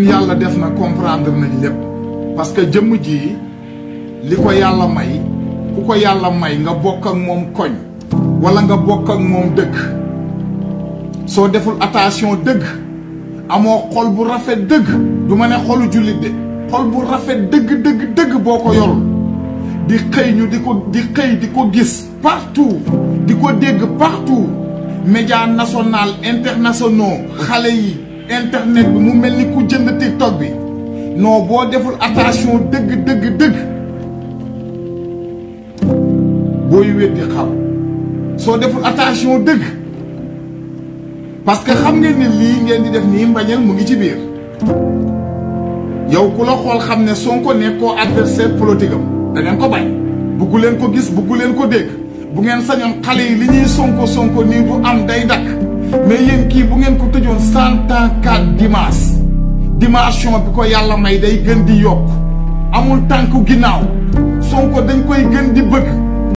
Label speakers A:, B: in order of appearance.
A: yalla def na comprendre nañ parce que jëm ji
B: liko yalla
A: may ku ko may nga bok ak mom koñ wala nga bok ak mom deug so deful attention deug amo xol bu rafet je du mané xolu julit de xol bu rafet deug deug Je boko yor di ñu di di gis partout diko Je partout médias national internationaux xalé yi internet bi mu mel ni ku jënd TikTok bi noo boo deful attention dëgg dëgg dëgg booy weddi xaw soo deful attention dëgg parce que xam ngeen nit lii ngeen di def nii mbañal mu ngi ci biir yow ku la xool xam ne Sonko nekkoo adversaire politique am da ko bañ buggu leen ko gis buggu leen ko dégg bu ngeen sañoon xale yi li ñuy Sonko Sonko nii bu am day dakk mais yéen kii bu ngeen ko tëjoon cent ans quatre dimanche dimension bi ko yàlla may day gën di yokk amul tànku ginnaaw Sonko
C: dañ koy gën di bëgg